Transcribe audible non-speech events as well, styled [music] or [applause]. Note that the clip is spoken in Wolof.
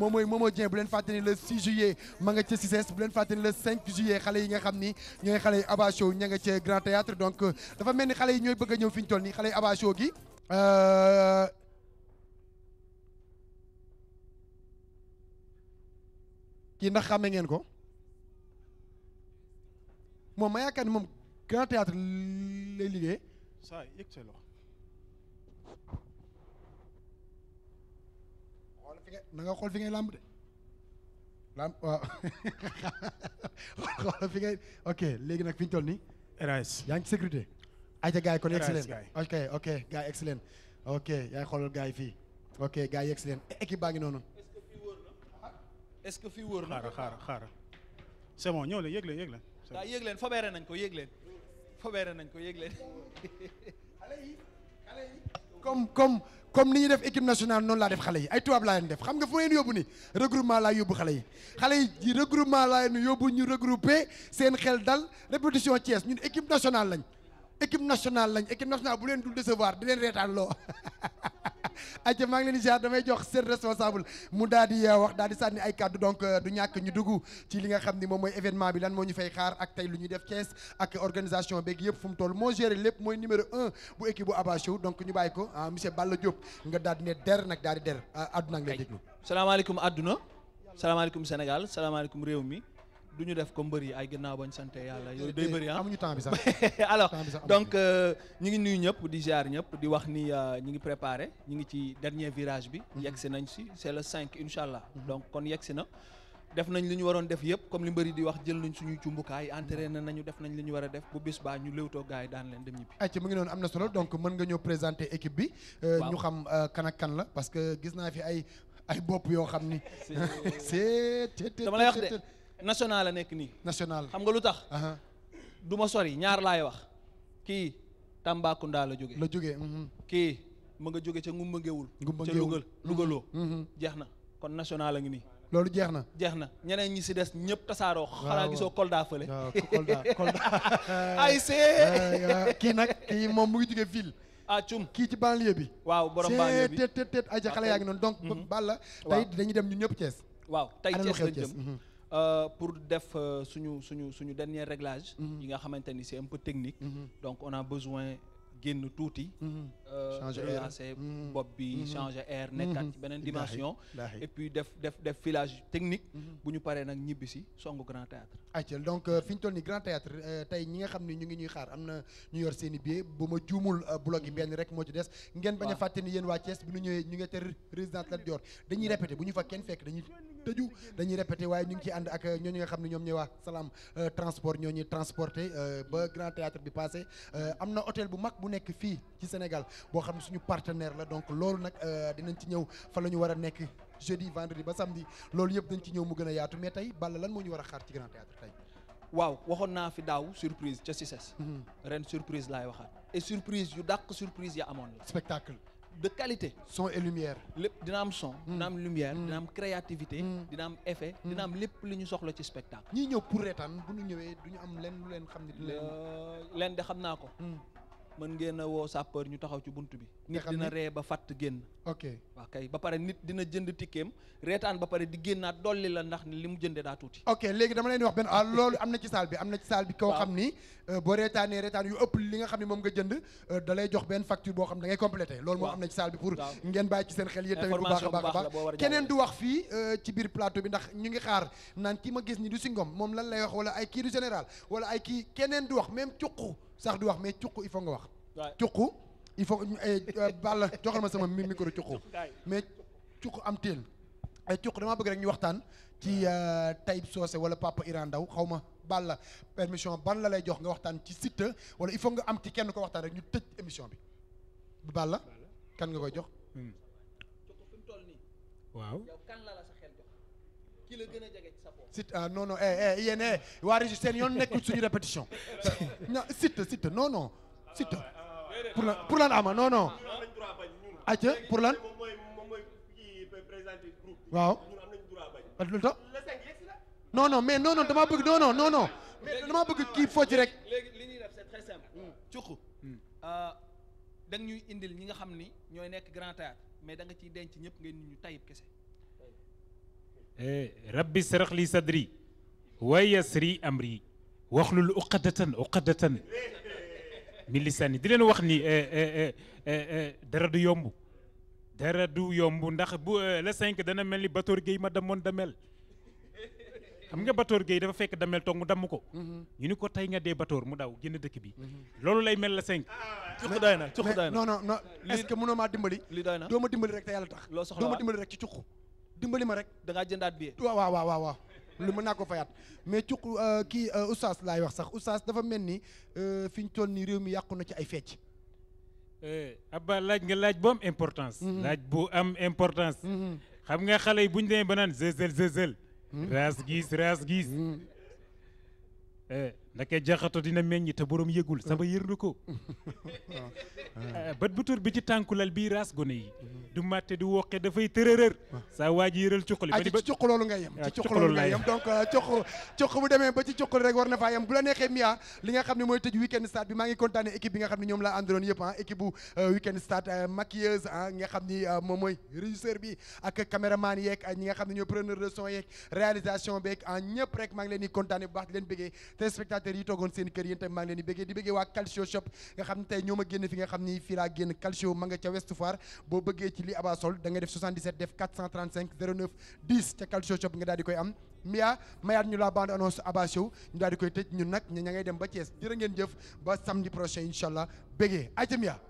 moom mooy Momo Dieng bu leen fàtte ni le 6 juillet ma nga ca CICES bu leen fàtte ni le 5 juillet xale yi nga xam ni ñooy xale yi Abba Show ña nga ca Grand Théâtre donc euh, dafa mel ni xale yi ñooy bëgg a ñëw fi ñu toll nii xale yi Abba Show gi euh, kii ndax xàmme ngeen ko moom ma yaakaar ni moom Grand Théâtre lay liggéey. ça fi na nga xool fi ngay làmb de làmb waaw [laughs] xool fi ngay ok léegi nag fi ñu toll nii. RAS yaa ngi ci sécurité. ayca gars yi kon excellent ok ok gars yi excellent ok yaa ngi xoolal yi fii ok gars yi excellent e, équipe baa ngi noonu. Ah. est-ce que fii wóor na xaaral xaaral xaaral c'est bon leen yëg leen fobeere nañ ko yëg leen nañ ko yëg comme comme comme ni ñuy def équipe nationale noonu laa def xale yi ay tubaab laa leen def xam nga fu ma leen yóbbu ni regroupement laa yóbbu xale yi xale yi regroupement laa leen yóbbu ñu regroupé seen xel dal répétition Thiès ñun équipe nationale lañ équipe nationale lañ équipe nationale bu leen du décevoir di leen reetaan loo [laughs] ayca maa ngi leen di ziar damay jox seen responsable mu daal di euh, wax daal di sànni ay kàddu donc euh, du ñàkk ñu dugg ci li nga xam ni moom mooy événement bi lan moo ñu fay xaar ak tey lu ñuy def Thiès ak organisation beeg yëpp fu mu toll moo géré lépp mooy numéro un bu équipe bu Abba Show donc ñu bàyyi ko ah, monsieur Balla Diop nga daal di ne der nag daal di der ah, àdduna ngi lay déglu. salaamaaleykum àdduna salaamaaleykum Sénégal salaamaaleykum réew mi. du ñu def ko mbër yi ay ginnaaw bañ sant yàlla yooyu day eh, bëri ah amuñu temps bi sax [laughs] alors donc euh, ñu ngi nuyu ñëpp di jaar ñëpp di wax ni euh, ñu ngi préparé ñu ngi ci dernier virage bi mhm. yegg si nañ si c'est le cinq incha allah mhm. donc kon yegg si na def nañ li ñu waroon def yëpp comme li mbëri di wax jël nañ suñuy cumbukaay entraîné mhm. ñu def nañ li ñu war a def bu bis baa ñu léewtoo gars daan leen dem ñibbi ayca mu ngi noonu am na solo donc mën nga ñëw présenter équipe bi euh, ñu xam kan ak kan la parce que gis naa fi ay ay bopp yoo xam ni [laughs] [laughs] c'est dama lay de national la nekk nii. national xam nga lu tax. duma ma sori ñaar laay wax. kii Tambacounda la jóge la jóge mhm. kii ma nga jóge ca Ngumba Ngéwul. Ngumba ca Louga Lougaloo. Mhm, mhm. jeex na kon national la ngi nii. loolu jeex na jeex na ñeneen ñi si des ñëpp tasaaroo. xanaa gisoo Kolda fële. [laughs] [laughs] ay see. [laughs] kii nag kii moom mu ngi jóge ville. ah cum kii ci banlieue bi. waaw borom banlieue bi see tët ay ca xale yaa ngi noonu donc. Balla tey dañuy dem ñu ñëpp Thiès. waaw tey Thiès lañ jëm Euh, pour def euh, suñu suñu suñu dernier réglage. ñi mm-hmm. nga xamante ni c'est un peu technique. Mm-hmm. donc on a besoin génn tuuti. Mm-hmm. Euh, changer air relancer bopp bi changer air. nekkaat ci beneen dimension. et puis def def def filage technique. bu ñu paree nag ñibbi si songu grand théâtre ayca donc fi ñu toll nii grand théâtre tey ñi nga xam ni ñu ngi ñuy xaar am na ñu yor seen i billet bu ma juumul blog yi rek moo ci des. ngeen bañ a fàtte ni yéen waa Thiès bi ñëwee ñu ngi te résidence Lat Dior dañuy répété bu ñu fa tëju dañuy répété waaye ñu ngi ciy ànd ak ñooñu nga xam ne ñoom ñooy waa salaam euh, transport ñooñu ñuy transporté euh, ba grand théâtre bi passé euh, am na hôtel bu mag bu nekk fii ci Sénégal boo xam ne suñu partenaire la donc loolu nag dinañ ci ñëw fa la ñu war a nekk jeudi vendredi ba samedi loolu yëpp dañ ci ñëw mu gën a yaatu mais tey Balla lan moo ñu war a xaar ci grand théâtre tey waaw waxoon naa fi daaw surprise ca CICES mhm. ren surprise laay waxaat et surprise yu dàq surprise ya amoon la spectacle de qualité. son et lumière. lépp dina am son. Hmm. dina am lumière hmm. dina am créativité. Hmm. dina am effet. dina am lépp li ñu soxla ci spectacle. ñii ñëw pour reetaan bu ñu ñëwee du ñu am lenn lu leen xam ne. leen euh, de xam naa ko. mën ngeen a woo sapeur ñu taxaw ci bunt bi. nit dina ree ba fàtt génn. ok waaw kay ba pare nit dina jënd tikkeem reetaan ba pare di génnaat dolli la ndax li mu jëndee daa tuuti ok léegi dama leen wax benn ah loolu am na ci saal bi am na ci saal bi koo xam ni euh, boo reetaanee reetaan yu ëpp li nga xam ne moom nga jënd euh, da lay jox benn facture boo xam ne da loolu moom am na ci saal bi pour ngeen bàyyi ci seen xel yéen tamit bu baax a baax a baax keneen du wax fii euh, ci bi ndax ñu ngi xaar naan ki ma gis ni du si moom lan lay wax wala ay kii du général wala ay kii keneen du wax même cuq sax du wax mais cuq il faut nga wax cuq il faut eh, euh, Balla joxal ma sama micro cuqu mais cuqu am teel ay eh, cuqu damaa bëgg rek ñu waxtaan ci euh, Taib Socé wala Papa Iran Ndaw xaw ma Balla permission ban la lay jox nga waxtaan ci Siteu wala il faut nga am ci kenn ko waxtaan rek ñu tëj émission bi Balla kan nga koy jox hmm. waaw ki la gën a jege ci sa bopp. Siteu ah, non non eh, eh waa Régis yoon nekkul suñu répétition [laughs] non Siteu Siteu ah, pour lan pour lan ama non non. acca pour lan. waaw. lu tax non non mais non non damaa bëgg non non non bëgg kii ah, focc rek. léegi li ñuy def hmm. Hmm. Ah, ñuy indil ñi nga xam ni ñooy nekk grand théâtre mais da nga ciy denc ñëpp ngeen ñu tayib kese. Eh, rabbi sarax sadri wa yassir amri waxlul uqadatan uqadatan eh, min lisani di leen wax ni eh, eh, eh, dara du yomb dara du yomb ndax bu la cinq dana mel ni Batoor Gueye ma demoon damel xam nga Batoor Gueye dafa fekk damel toog mu damm ko mm-hmm. ñu ni ko tey nga dee Batoor mu daw génn dëkk bi mm-hmm. loolu lay mel le cinq ah, cuq day na cuq day na non non non est-ce maa dimbali li day na doo ma dimbali rek te yàlla tax loo soxla doo dimbali rek ci cuq dimbali ma rek da jëndaat bi waaw lu mën naa ko fayaat mais cuq euh, kii euh, oustaz laay wax sax oustaz dafa mel ni euh, fi ñu toll ni réew mi yàqu na ci ay fecc. Eh, aba laaj nga laaj bu am importance. Mhm. laaj bu am importance. Mhm. xam nga xale yi bu ñu demee ba naan zëzël zëzël. Mhm. raas gis raas gis. Eh, ndake jaxato dina meññ te borom yëgul sama yër ko [laughs] bët bu bi ci tànkulal bii raas gone yi du màtte du woqe dafay tërërër saa waa ji yëral ah, loolu nga yem ah, ci cuq loolu nga donc euh, cuq bu demee ba ci cuqali rek war na faa yem bu la neexee Mia li nga xam ne mooy tëj weekend start bi maa ngi kontaane équipe bi nga xam ne ñoom la àndaloon yëpp ah équipe bu euh, weekend start euh, maquilleuse ah, nga xam ni moom mooy régisseur bi ak caméraman yeeg ñi nga xam ne ñoo preneur de son yeeg réalisation maa ngi leen di di leen bëggee téléspectateur yi toogoon seen kër yéen tamit maa ngi leen di di bëggee waa calcio shop nga xam tey ñoo génn fi nga xam ni fii génn calcio ma ca West boo bëggee ci li Aba sol da nga def 77 def 435 09 10 ca calcio shop nga daal di koy am Mia mayaat ñu la bande annonce Aba ñu daal koy tëj ñun nag ña ngay dem ba Thiès jërë ngeen jëf ba samedi prochain incha allah bëggee